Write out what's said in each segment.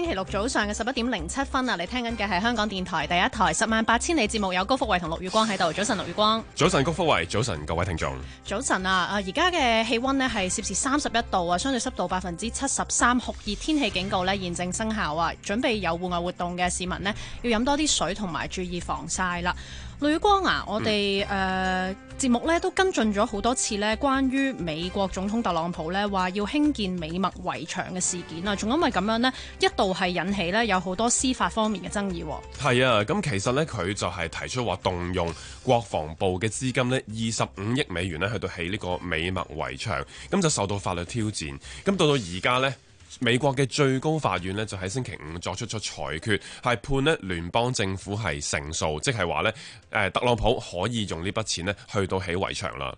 星期六早上嘅十一點零七分啊，你聽緊嘅係香港電台第一台十萬八千里節目，有高福慧同陸雨光喺度。早晨，陸雨光。早晨，高福慧。早晨，各位聽眾。早晨啊，啊而家嘅氣溫呢係攝氏三十一度啊，相對濕度百分之七十三，酷熱天氣警告呢現正生效啊，準備有戶外活動嘅市民呢，要飲多啲水同埋注意防曬啦。呂光啊！我哋誒、嗯呃、節目咧都跟進咗好多次呢，關於美國總統特朗普呢話要興建美墨圍牆嘅事件啊，仲因為咁樣呢一度係引起呢有好多司法方面嘅爭議。係啊，咁、啊、其實呢佢就係提出話動用國防部嘅資金呢二十五億美元呢去到起呢個美墨圍牆，咁就受到法律挑戰。咁到到而家呢。美國嘅最高法院咧就喺星期五作出咗裁決，係判咧聯邦政府係勝訴，即係話咧誒特朗普可以用呢筆錢咧去到起圍牆啦。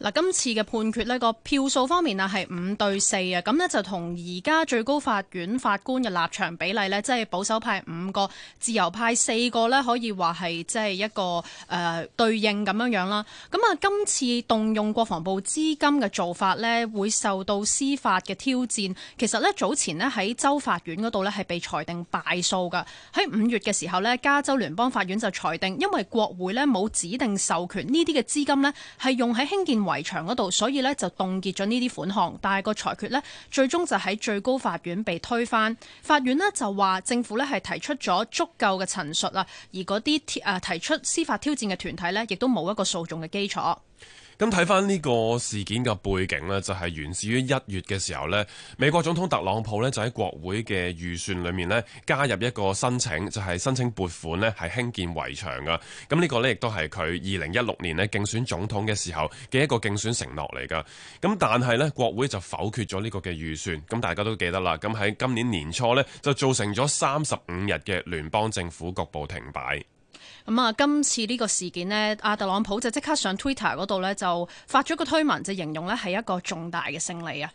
嗱，今次嘅判決咧個票數方面啊係五對四啊，咁咧就同而家最高法院法官嘅立場比例咧，即係保守派五個、自由派四個咧，可以話係即係一個誒對應咁樣樣啦。咁啊，今次動用國防部資金嘅做法咧，會受到司法嘅挑戰，其實呢。早前咧喺州法院嗰度咧係被裁定敗訴噶喺五月嘅時候咧加州聯邦法院就裁定，因為國會咧冇指定授權呢啲嘅資金咧係用喺興建圍牆嗰度，所以咧就凍結咗呢啲款項。但係個裁決咧最終就喺最高法院被推翻，法院咧就話政府咧係提出咗足夠嘅陳述啦，而嗰啲誒提出司法挑戰嘅團體咧亦都冇一個訴訟嘅基礎。咁睇翻呢個事件嘅背景呢，就係源自於一月嘅時候呢，美國總統特朗普呢，就喺國會嘅預算裏面呢，加入一個申請，就係申請撥款呢係興建圍牆噶。咁呢個呢，亦都係佢二零一六年呢競選總統嘅時候嘅一個競選承諾嚟噶。咁但係呢，國會就否決咗呢個嘅預算。咁大家都記得啦。咁喺今年年初呢，就造成咗三十五日嘅聯邦政府局部停擺。咁啊、嗯，今次呢個事件咧，阿特朗普就即刻上 Twitter 嗰度咧，就發咗個推文，就形容咧係一個重大嘅勝利啊！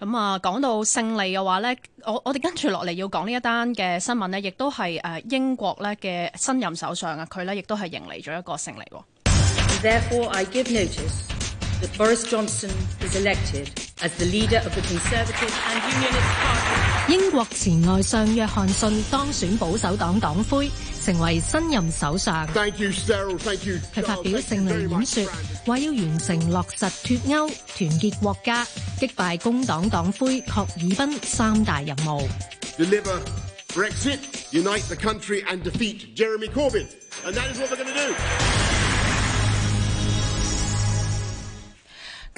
咁、嗯、啊，講到勝利嘅話咧，我我哋跟住落嚟要講呢一單嘅新聞咧，亦都係誒英國咧嘅新任首相啊，佢咧亦都係迎嚟咗一個勝利喎。英國前外相約翰遜當選保守黨黨魁，成為新任首相。佢發表勝利演說，話要完成落實脫歐、團結國家、擊敗工黨黨魁確爾賓三大任務。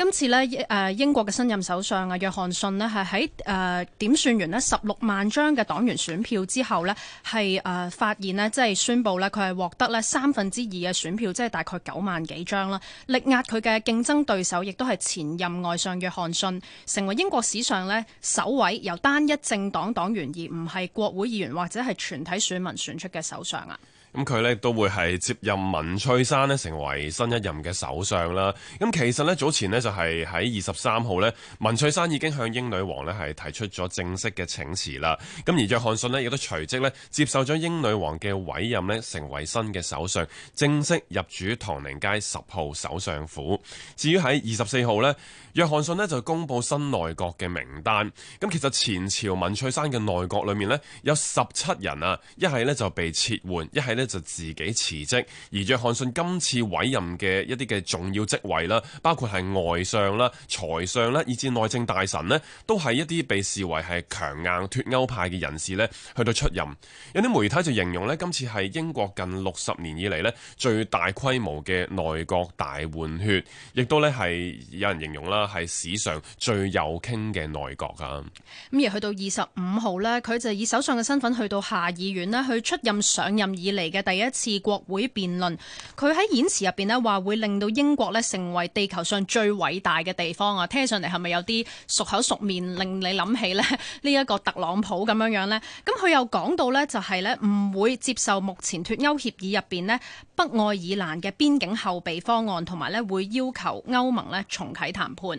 今次咧，誒英國嘅新任首相啊，約翰遜咧，係喺誒點算完咧十六萬張嘅黨員選票之後呢係誒發現咧，即係宣布咧，佢係獲得咧三分之二嘅選票，即係大概九萬幾張啦，力壓佢嘅競爭對手，亦都係前任外相約翰遜，成為英國史上咧首位由單一政黨黨員而唔係國會議員或者係全體選民選出嘅首相啊！咁佢呢，都會係接任文翠山呢成為新一任嘅首相啦。咁其實呢，早前呢，就係喺二十三號呢，文翠山已經向英女王呢係提出咗正式嘅請辭啦。咁而約翰遜呢，亦都隨即呢接受咗英女王嘅委任呢成為新嘅首相，正式入主唐寧街十號首相府。至於喺二十四號呢，約翰遜呢就公布新內閣嘅名單。咁其實前朝文翠山嘅內閣裏面呢，有十七人啊，一係呢就被撤換，一係就自己辭職，而約翰遜今次委任嘅一啲嘅重要職位啦，包括係外相啦、財相啦，以至內政大臣咧，都係一啲被視為係強硬脱歐派嘅人士咧去到出任。有啲媒體就形容咧，今次係英國近六十年以嚟咧最大規模嘅內閣大換血，亦都咧係有人形容啦，係史上最右傾嘅內閣啊。咁而去到二十五號咧，佢就以首相嘅身份去到下議院咧去出任上任以嚟嘅第一次國會辯論，佢喺演辭入邊咧話會令到英國咧成為地球上最偉大嘅地方啊！聽上嚟係咪有啲熟口熟面，令你諗起咧呢一個特朗普咁樣樣呢？咁佢又講到呢，就係咧唔會接受目前脱歐協議入邊咧北愛爾蘭嘅邊境後備方案，同埋咧會要求歐盟咧重啟談判。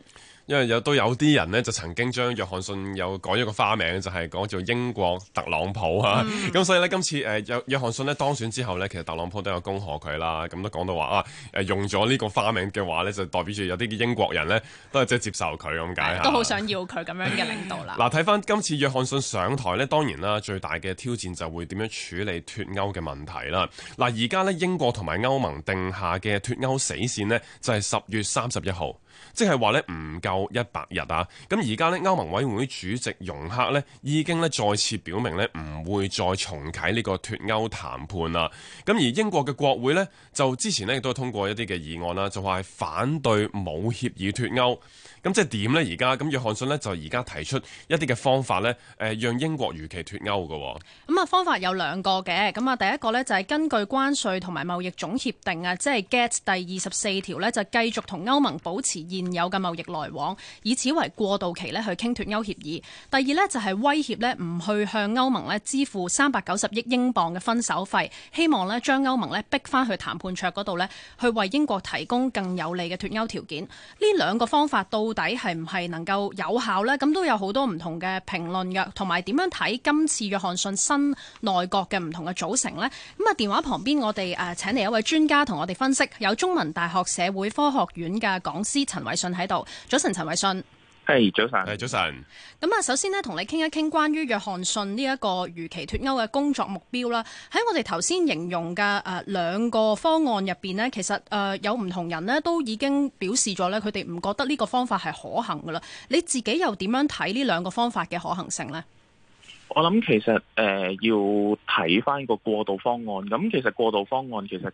因為有都有啲人咧，就曾經將約翰遜有改咗個花名，就係講做英國特朗普咁、嗯、所以咧，今次誒約翰遜咧當選之後咧，其實特朗普都有恭賀佢啦。咁都講到話啊，用咗呢個花名嘅話咧，就代表住有啲英國人咧、嗯，都係即係接受佢咁解都好想要佢咁樣嘅領導 啦。嗱，睇翻今次約翰遜上台咧，當然啦，最大嘅挑戰就會點樣處理脫歐嘅問題啦。嗱，而家咧英國同埋歐盟定下嘅脫歐死線呢，就係、是、十月三十一號。即係話呢，唔夠一百日啊！咁而家呢，歐盟委員會主席容克呢已經呢，再次表明呢唔會再重啟呢個脫歐談判啦。咁而英國嘅國會呢，就之前呢亦都通過一啲嘅議案啦，就話係反對冇協議脫歐。咁即係點呢？而家咁約翰遜呢，就而家提出一啲嘅方法呢，誒讓英國如期脫歐嘅。咁啊方法有兩個嘅，咁啊第一個呢，就係根據關稅同埋貿易總協定啊，即係 Get 第二十四條呢，就繼續同歐盟保持現有嘅貿易來往，以此為過渡期呢去傾脫歐協議。第二呢，就係威脅呢唔去向歐盟呢支付三百九十億英鎊嘅分手費，希望呢將歐盟呢逼翻去談判桌嗰度呢，去為英國提供更有利嘅脫歐條件。呢兩個方法都。到底係唔係能夠有效呢？咁都有好多唔同嘅評論嘅，同埋點樣睇今次約翰遜新內閣嘅唔同嘅組成呢？咁啊，電話旁邊我哋誒請嚟一位專家同我哋分析，有中文大學社會科學院嘅講師陳偉信喺度。早晨，陳偉信。係、hey, 早晨，係、hey, 早晨。咁啊，首先咧，同你傾一傾關於約翰遜呢一個如期脫歐嘅工作目標啦。喺我哋頭先形容嘅誒兩個方案入邊呢，其實誒、呃、有唔同人呢都已經表示咗咧，佢哋唔覺得呢個方法係可行噶啦。你自己又點樣睇呢兩個方法嘅可行性呢？我諗其實誒、呃、要睇翻個過渡方案。咁其實過渡方案其實。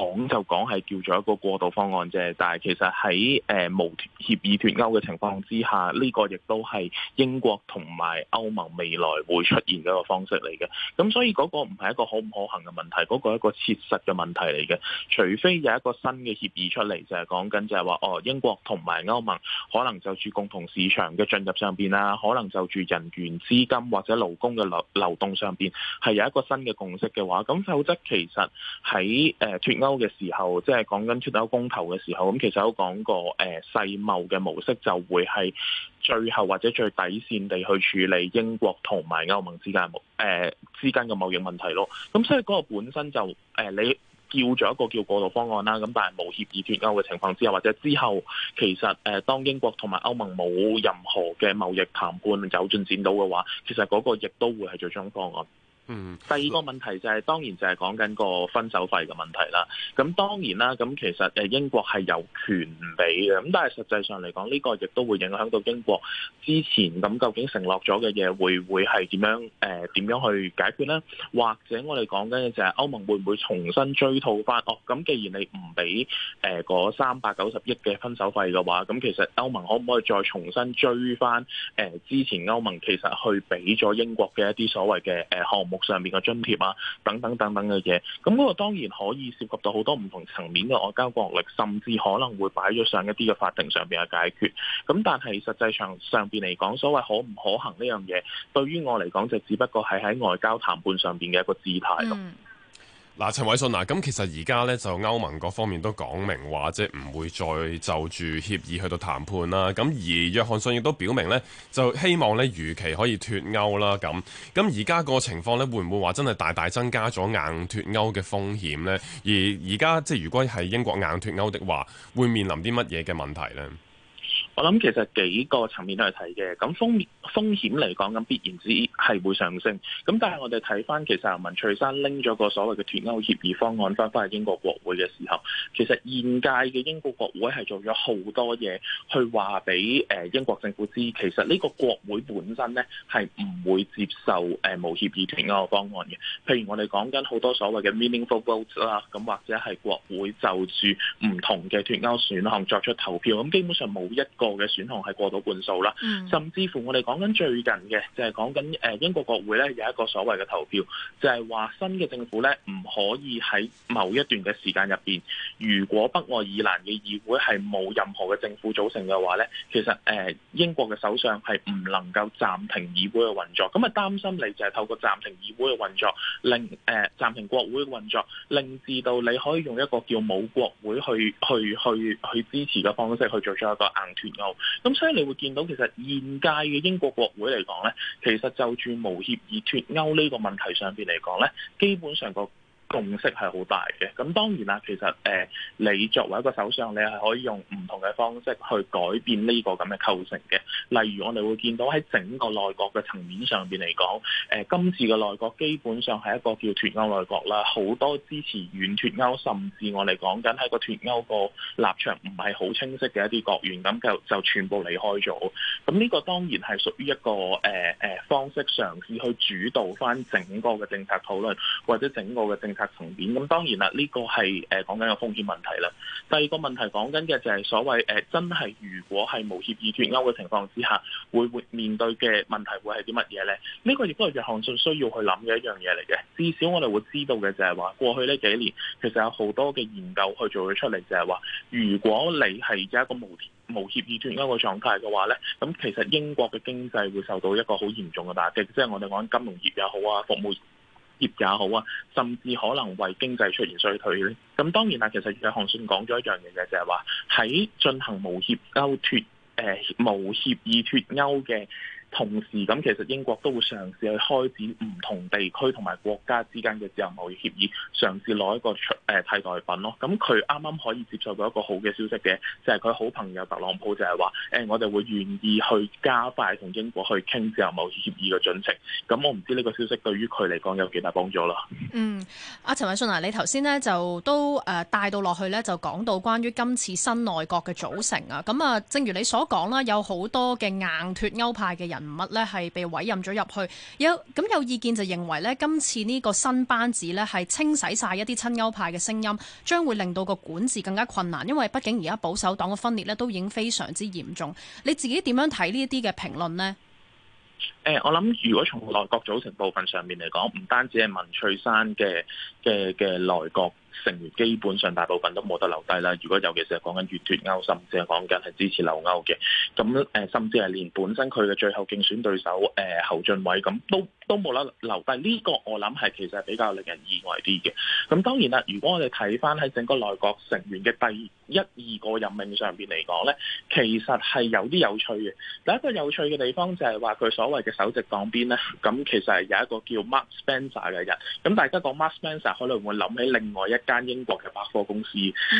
講就講係叫做一個過渡方案啫，但係其實喺誒、呃、無協議脫歐嘅情況之下，呢、這個亦都係英國同埋歐盟未來會出現嘅一個方式嚟嘅。咁所以嗰個唔係一個可唔可行嘅問題，嗰、那個係一個切實嘅問題嚟嘅。除非有一個新嘅協議出嚟，就係講緊就係話哦，英國同埋歐盟可能就住共同市場嘅進入上邊啦，可能就住人員、資金或者勞工嘅流流動上邊係有一個新嘅共識嘅話，咁否則其實喺誒脫歐。嘅時候，即係講緊脫歐公投嘅時候，咁其實都講過誒世貿嘅模式就會係最後或者最底線地去處理英國同埋歐盟之間誒之間嘅貿易問題咯。咁所以嗰個本身就誒你叫咗一個叫過渡方案啦，咁但係無協議脱歐嘅情況之下，或者之後其實誒當英國同埋歐盟冇任何嘅貿易談判有進展到嘅話，其實嗰個亦都會係最終方案。嗯，第二個問題就係、是、當然就係講緊個分手費嘅問題啦。咁當然啦，咁其實誒英國係有權唔俾嘅，咁但係實際上嚟講呢個亦都會影響到英國之前咁究竟承諾咗嘅嘢會會係點樣誒點、呃、樣去解決咧？或者我哋講緊嘅就係、是、歐盟會唔會重新追討翻？哦，咁既然你唔俾誒嗰三百九十億嘅分手費嘅話，咁其實歐盟可唔可以再重新追翻誒、呃、之前歐盟其實去俾咗英國嘅一啲所謂嘅誒項目？上面嘅津貼啊，等等等等嘅嘢，咁、那、嗰個當然可以涉及到好多唔同層面嘅外交角力，甚至可能會擺咗上一啲嘅法庭上面嘅解決。咁但係實際上上面嚟講，所謂可唔可行呢樣嘢，對於我嚟講就只不過係喺外交談判上面嘅一個姿態咯。嗯嗱、呃，陳偉信，咁其實而家咧就歐盟各方面都講明話，即係唔會再就住協議去到談判啦。咁而約翰遜亦都表明咧，就希望咧如期可以脱歐啦。咁咁而家個情況咧，會唔會話真係大大增加咗硬脱歐嘅風險咧？而而家即係如果係英國硬脱歐的話，會面臨啲乜嘢嘅問題咧？我諗其實幾個層面都係睇嘅，咁風風險嚟講，咁必然之係會上升。咁但係我哋睇翻，其實文翠珊拎咗個所謂嘅脱歐協議方案翻翻去英國國會嘅時候，其實現屆嘅英國國會係做咗好多嘢去話俾誒英國政府知，其實呢個國會本身咧係唔會接受誒無協議脱歐嘅方案嘅。譬如我哋講緊好多所謂嘅 meaningful votes 啦，咁或者係國會就住唔同嘅脱歐選項作出投票，咁基本上冇一個嘅選項係過到半數啦，嗯、甚至乎我哋講緊最近嘅就係講緊誒英國國會咧有一個所謂嘅投票，就係、是、話新嘅政府咧唔可以喺某一段嘅時間入邊，如果北愛爾蘭嘅議會係冇任何嘅政府組成嘅話咧，其實誒英國嘅首相係唔能夠暫停議會嘅運作，咁啊擔心你就係透過暫停議會嘅運，運作，令誒、呃、暫停國會嘅運作，令至到你可以用一個叫冇國會去去去去支持嘅方式去做出一個硬脫。咁、嗯、所以你會見到，其實現屆嘅英國國會嚟講咧，其實就住無協議脫歐呢個問題上邊嚟講咧，基本上個。共識係好大嘅，咁當然啦，其實誒、呃，你作為一個首相，你係可以用唔同嘅方式去改變呢個咁嘅構成嘅。例如，我哋會見到喺整個內閣嘅層面上面嚟講，誒、呃、今次嘅內閣基本上係一個叫脱歐內閣啦，好多支持軟脱歐，甚至我哋講緊喺個脱歐個立場唔係好清晰嘅一啲國員咁就就全部離開咗。咁呢個當然係屬於一個誒、呃、方式嘗試去主導翻整個嘅政策討論或者整個嘅政。層面，咁當然啦，呢個係誒講緊個風險問題啦。第二個問題講緊嘅就係所謂誒真係如果係無協議脱歐嘅情況之下，會會面對嘅問題會係啲乜嘢咧？呢個亦都係約翰遜需要去諗嘅一樣嘢嚟嘅。至少我哋會知道嘅就係話，過去呢幾年其實有好多嘅研究去做咗出嚟，就係話如果你係有一個無無協議脱歐嘅狀態嘅話咧，咁其實英國嘅經濟會受到一個好嚴重嘅打擊，即係我哋講金融業又好啊，服務業也好。業也好啊，甚至可能為經濟出現衰退咧。咁當然啦，其實約翰遜講咗一樣嘢嘅，就係話，喺進行無協鳩脫，誒、呃，無協議脫歐嘅。同時咁，其實英國都會嘗試去開展唔同地區同埋國家之間嘅自由貿易協議，嘗試攞一個出誒替代品咯。咁佢啱啱可以接受到一個好嘅消息嘅，就係、是、佢好朋友特朗普就係話誒，我哋會願意去加快同英國去傾自由貿易協議嘅進程。咁我唔知呢個消息對於佢嚟講有幾大幫助啦。嗯，阿、啊、陳偉信啊，你頭先呢就都誒帶到落去呢，就講到關於今次新內閣嘅組成啊。咁啊，正如你所講啦，有好多嘅硬脫歐派嘅人。唔乜咧，係被委任咗入去有，咁有意見就認為咧，今次呢個新班子咧係清洗晒一啲親歐派嘅聲音，將會令到個管治更加困難，因為畢竟而家保守黨嘅分裂咧都已經非常之嚴重。你自己點樣睇呢一啲嘅評論呢？誒、呃，我諗如果從內閣組成部分上面嚟講，唔單止係文翠山嘅嘅嘅內閣。成員基本上大部分都冇得留低啦。如果尤其是係講緊粵脫歐，甚至係講緊係支持留歐嘅。咁甚至係連本身佢嘅最後競選對手侯俊偉咁都。都冇啦，留低呢個我諗係其實係比較令人意外啲嘅。咁當然啦，如果我哋睇翻喺整個內閣成員嘅第一二個任命上邊嚟講咧，其實係有啲有趣嘅。第一個有趣嘅地方就係話佢所謂嘅首席黨鞭咧，咁其實係有一個叫 Mark Spencer 嘅人。咁大家講 Mark Spencer 可能會諗起另外一間英國嘅百貨公司。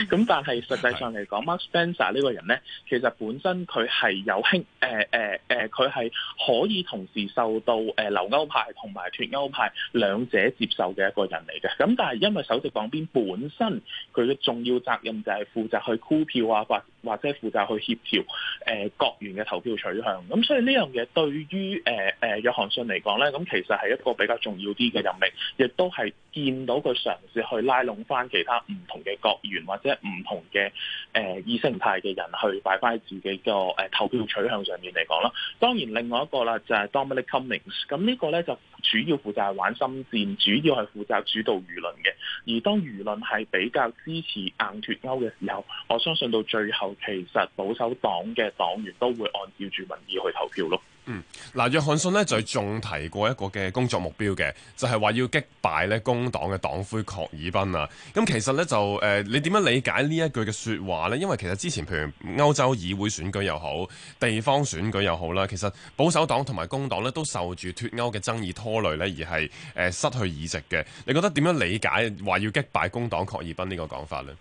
咁但係實際上嚟講 ，Mark Spencer 呢個人咧，其實本身佢係有興誒誒誒，佢、呃、係、呃呃、可以同時受到誒、呃、留歐派。同埋脫歐派兩者接受嘅一個人嚟嘅，咁但係因為首席黨鞭本身佢嘅重要責任就係負責去箍票啊，或。或者負責去協調誒、呃、國員嘅投票取向，咁所以呢樣嘢對於誒誒、呃、約翰遜嚟講咧，咁其實係一個比較重要啲嘅任命，亦都係見到佢嘗試去拉攏翻其他唔同嘅國員或者唔同嘅誒意識形態嘅人去擺翻自己個、呃、投票取向上面嚟講咯。當然另外一個啦就係 Dominic Cummings，咁呢個咧就主要負責玩心戰，主要係負責主導輿論嘅。而當輿論係比較支持硬脱歐嘅時候，我相信到最後。其實保守黨嘅黨員都會按照住民意去投票咯。嗯，嗱，約翰遜呢就仲提過一個嘅工作目標嘅，就係、是、話要擊敗咧工黨嘅黨魁郝爾賓啊。咁、嗯、其實呢，就誒、呃，你點樣理解呢一句嘅說話呢？因為其實之前譬如歐洲議會選舉又好，地方選舉又好啦，其實保守黨同埋工黨都受住脫歐嘅爭議拖累，而係誒、呃、失去議席嘅。你覺得點樣理解話要擊敗工黨郝爾賓呢個講法呢？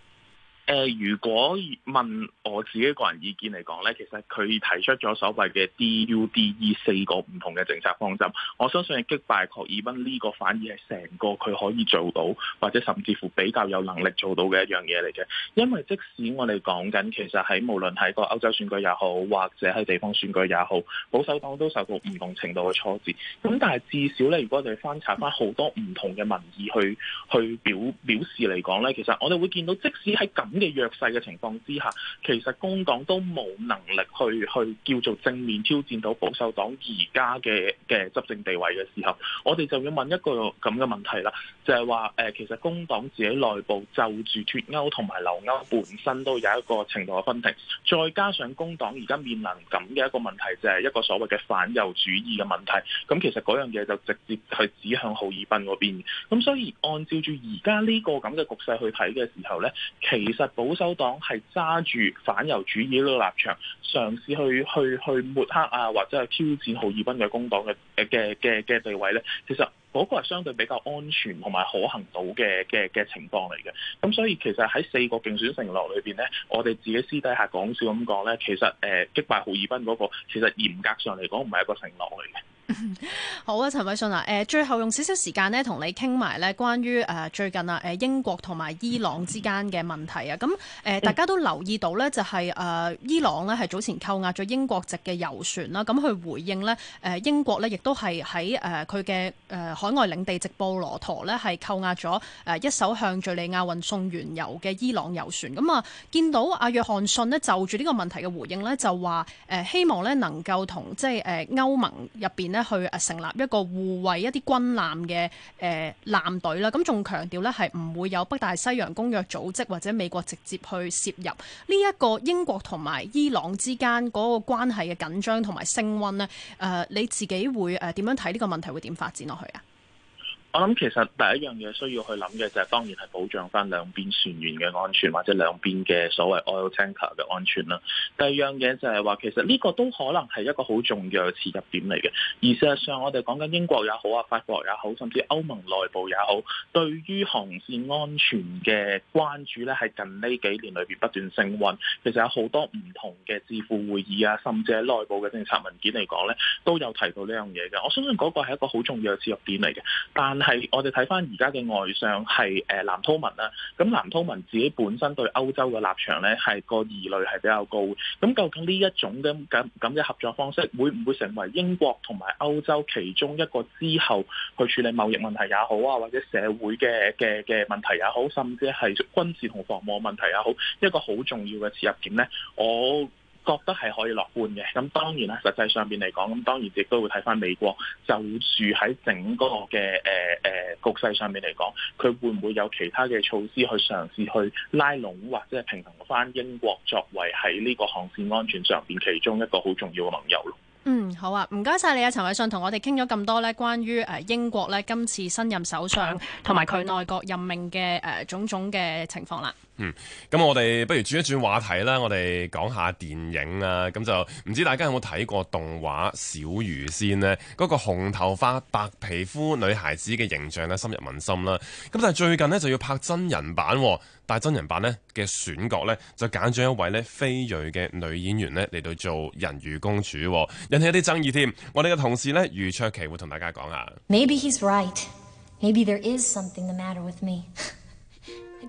誒、呃，如果問我自己個人意見嚟講呢，其實佢提出咗所謂嘅 D.U.D.E 四個唔同嘅政策方針，我相信係擊敗郝爾賓呢個，反而係成個佢可以做到，或者甚至乎比較有能力做到嘅一樣嘢嚟嘅。因為即使我哋講緊，其實喺無論喺個歐洲選舉也好，或者喺地方選舉也好，保守黨都受到唔同程度嘅挫折。咁但係至少呢，如果我哋翻查翻好多唔同嘅民意去去表表示嚟講呢，其實我哋會見到，即使喺咁嘅弱勢嘅情況之下，其實工黨都冇能力去去叫做正面挑戰到保守黨而家嘅嘅執政地位嘅時候，我哋就要問一個咁嘅問題啦，就係話誒，其實工黨自己內部就住脫歐同埋留歐本身都有一個程度嘅分歧，再加上工黨而家面臨咁嘅一個問題，就係、是、一個所謂嘅反猶主義嘅問題，咁其實嗰樣嘢就直接去指向郝爾彬嗰邊。咁所以按照住而家呢個咁嘅局勢去睇嘅時候咧，其實就保守黨係揸住反猶主義呢個立場，嘗試去去去抹黑啊，或者去挑戰豪爾賓嘅工黨嘅嘅嘅嘅地位咧。其實嗰個係相對比較安全同埋可行到嘅嘅嘅情況嚟嘅。咁所以其實喺四個競選承諾裏邊咧，我哋自己私底下講笑咁講咧，其實誒、呃、擊敗豪爾賓嗰、那個，其實嚴格上嚟講唔係一個承諾嚟嘅。 好啊，陳偉信啊，誒，最後用少少時間呢，同你傾埋呢，關於誒最近啊，誒英國同埋伊朗之間嘅問題啊，咁誒 大家都留意到呢，就係誒伊朗呢，係早前扣押咗英國籍嘅油船啦，咁去回應呢，誒英國呢，亦都係喺誒佢嘅誒海外領地直布羅陀呢，係扣押咗誒一艘向敘利亞運送原油嘅伊朗油船，咁啊見到阿約翰遜呢，就住呢個問題嘅回應呢，就話誒希望呢，能夠同即係誒歐盟入邊咧。去成立一個護衛一啲軍艦嘅誒艦隊啦，咁仲強調咧係唔會有北大西洋公約組織或者美國直接去涉入呢一個英國同埋伊朗之間嗰個關係嘅緊張同埋升温咧誒，你自己會誒點樣睇呢個問題會點發展落去啊？我諗其實第一樣嘢需要去諗嘅就係當然係保障翻兩邊船員嘅安全或者兩邊嘅所謂 oil tanker 嘅安全啦。第二樣嘢就係話其實呢個都可能係一個好重要嘅切入點嚟嘅。而事實上我哋講緊英國也好啊、法國也好，甚至歐盟內部也好，對於航線安全嘅關注咧係近呢幾年裏面不斷升温。其實有好多唔同嘅智庫會議啊，甚至係內部嘅政策文件嚟講咧，都有提到呢樣嘢嘅。我相信嗰個係一個好重要嘅切入點嚟嘅，但係，但是我哋睇翻而家嘅外相係誒藍韜文啦，咁藍韜文自己本身對歐洲嘅立場咧係個疑慮係比較高，咁究竟呢一種嘅咁咁嘅合作方式，會唔會成為英國同埋歐洲其中一個之後去處理貿易問題也好啊，或者社會嘅嘅嘅問題也好，甚至係軍事同防務問題也好，一個好重要嘅切入點咧？我覺得係可以樂觀嘅，咁當然啦，實際上邊嚟講，咁當然亦都會睇翻美國就住喺整個嘅誒誒局勢上面嚟講，佢會唔會有其他嘅措施去嘗試去拉攏或者係平衡翻英國作為喺呢個航線安全上邊其中一個好重要嘅盟友咯。嗯，好啊，唔該晒你啊，陳偉信，同我哋傾咗咁多咧，關於誒英國咧今次新任首相同埋佢內閣任命嘅誒種種嘅情況啦。嗯，咁我哋不如轉一轉話題啦，我哋講下電影啊，咁就唔知大家有冇睇過動畫《小魚仙》呢？嗰個紅頭髮、白皮膚女孩子嘅形象咧，深入民心啦。咁但係最近呢，就要拍真人版喎，但係真人版呢嘅選角呢，就揀咗一位呢非裔嘅女演員呢嚟到做人魚公主喎，引起一啲爭議添。我哋嘅同事呢，余卓祈會同大家講下。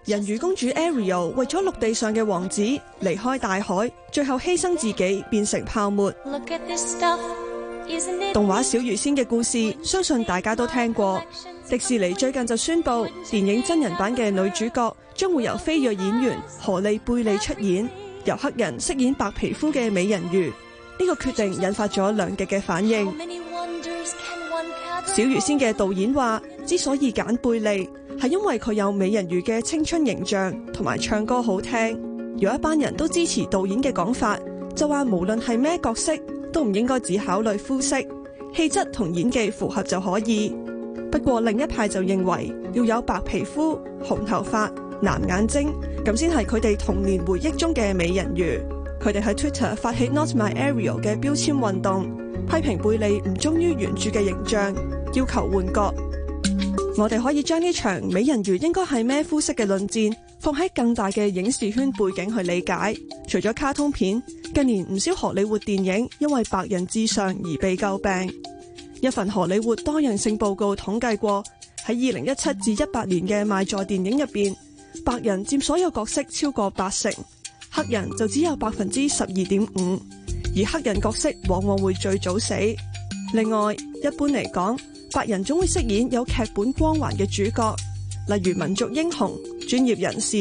人魚公主 Ariel 為咗陸地上嘅王子離開大海，最後犧牲自己變成泡沫。動畫《小魚仙》嘅故事，相信大家都聽過。迪士尼最近就宣布電影真人版嘅女主角將會由非裔演員荷莉貝利出演，由黑人飾演白皮膚嘅美人魚。呢個決定引發咗兩極嘅反應。小魚仙嘅導演話，之所以揀貝利。係因為佢有美人魚嘅青春形象同埋唱歌好聽，有一班人都支持導演嘅講法，就話無論係咩角色都唔應該只考慮膚色、氣質同演技符合就可以。不過另一派就認為要有白皮膚、紅頭髮、藍眼睛咁先係佢哋童年回憶中嘅美人魚。佢哋喺 Twitter 發起 Not My Ariel 嘅標籤運動，批評貝利唔忠於原著嘅形象，要求換角。我哋可以將呢場美人魚應該係咩膚色嘅論戰放喺更大嘅影視圈背景去理解。除咗卡通片，近年唔少荷里活電影因為白人至上而被詬病。一份荷里活多樣性報告統計過，喺二零一七至一八年嘅賣座電影入邊，白人佔所有角色超過八成，黑人就只有百分之十二點五，而黑人角色往往會最早死。另外，一般嚟講，白人總會飾演有劇本光環嘅主角，例如民族英雄、專業人士；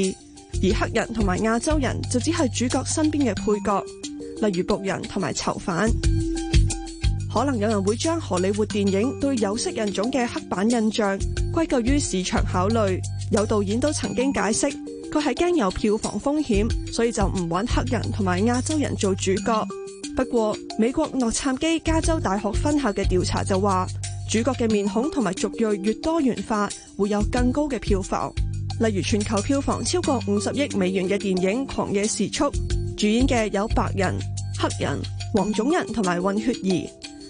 而黑人同埋亞洲人就只係主角身邊嘅配角，例如僕人同埋囚犯。可能有人會將荷里活電影對有色人種嘅刻板印象歸咎於市場考慮，有導演都曾經解釋佢係驚有票房風險，所以就唔搵黑人同埋亞洲人做主角。不過，美國洛杉磯加州大學分校嘅調查就話，主角嘅面孔同埋族裔越多元化，會有更高嘅票房。例如全球票房超過五十億美元嘅電影《狂野時速》，主演嘅有白人、黑人、黃種人同埋混血兒，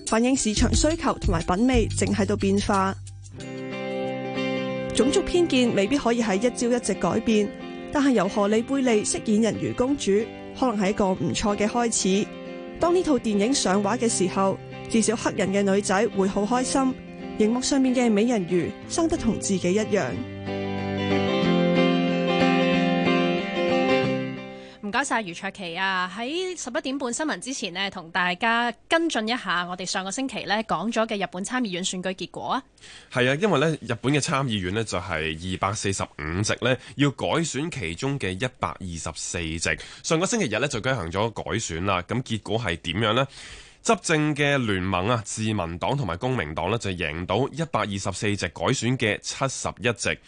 反映市場需求同埋品味正喺度變化。種族偏見未必可以喺一朝一夕改變，但係由荷里貝利飾演人魚公主，可能係一個唔錯嘅開始。當呢套電影上畫嘅時候。至少黑人嘅女仔會好開心，熒幕上面嘅美人魚生得同自己一樣。唔該晒余卓祈啊！喺十一點半新聞之前呢，同大家跟進一下我哋上個星期呢講咗嘅日本參議院選舉結果啊。係啊，因為呢日本嘅參議院呢就係二百四十五席呢要改選其中嘅一百二十四席。上個星期日呢就舉行咗改選啦，咁結果係點樣呢？執政嘅聯盟啊，自民黨同埋公明黨呢，就贏到一百二十四席改選嘅七十一席。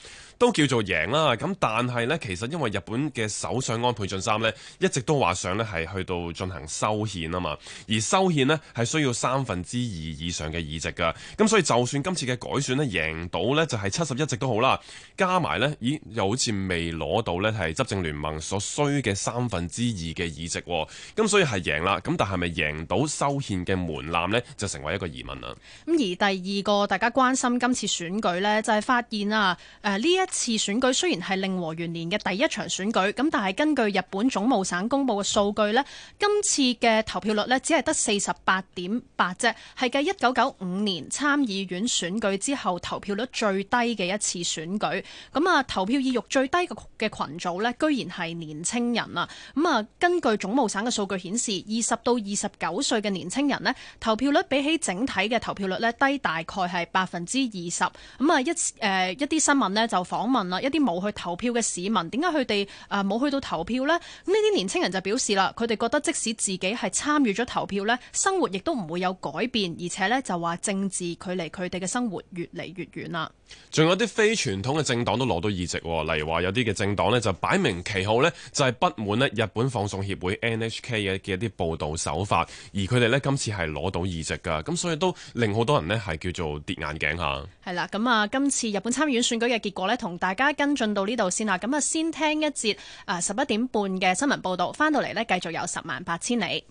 都叫做贏啦，咁但係呢，其實因為日本嘅首相安倍晉三呢，一直都話想呢係去到進行修憲啊嘛，而修憲呢，係需要三分之二以上嘅議席噶，咁所以就算今次嘅改選呢，贏到呢就係七十一席都好啦，加埋呢，咦又好似未攞到呢係執政聯盟所需嘅三分之二嘅議席，啊，咁所以係贏啦，咁但係咪贏到修憲嘅門檻呢，就成為一個疑問啦。咁而第二個大家關心今次選舉呢，就係、是、發現啊，呢、呃、一次選舉雖然係令和元年嘅第一場選舉，咁但係根據日本總務省公布嘅數據，呢今次嘅投票率呢只係得四十八點八啫，係繼一九九五年參議院選舉之後投票率最低嘅一次選舉。咁啊，投票意欲最低嘅嘅羣組呢，居然係年青人啊！咁啊，根據總務省嘅數據顯示，二十到二十九歲嘅年青人呢，投票率比起整體嘅投票率呢，低大概係百分之二十。咁啊，一誒、呃、一啲新聞呢，就訪訪問啦，一啲冇去投票嘅市民，點解佢哋誒冇去到投票呢？咁呢啲年青人就表示啦，佢哋覺得即使自己係參與咗投票呢，生活亦都唔會有改變，而且呢就話政治距離佢哋嘅生活越嚟越遠啦。仲有啲非傳統嘅政黨都攞到議席，例如話有啲嘅政黨呢就擺明旗號呢，就係不滿呢日本放送協會 NHK 嘅嘅一啲報道手法，而佢哋呢，今次係攞到議席噶，咁所以都令好多人呢係叫做跌眼鏡嚇。係啦，咁啊，今次日本參議院選舉嘅結果呢，同大家跟進到呢度先啦。咁啊，先聽一節啊十一點半嘅新聞報道，翻到嚟呢，繼續有十萬八千里。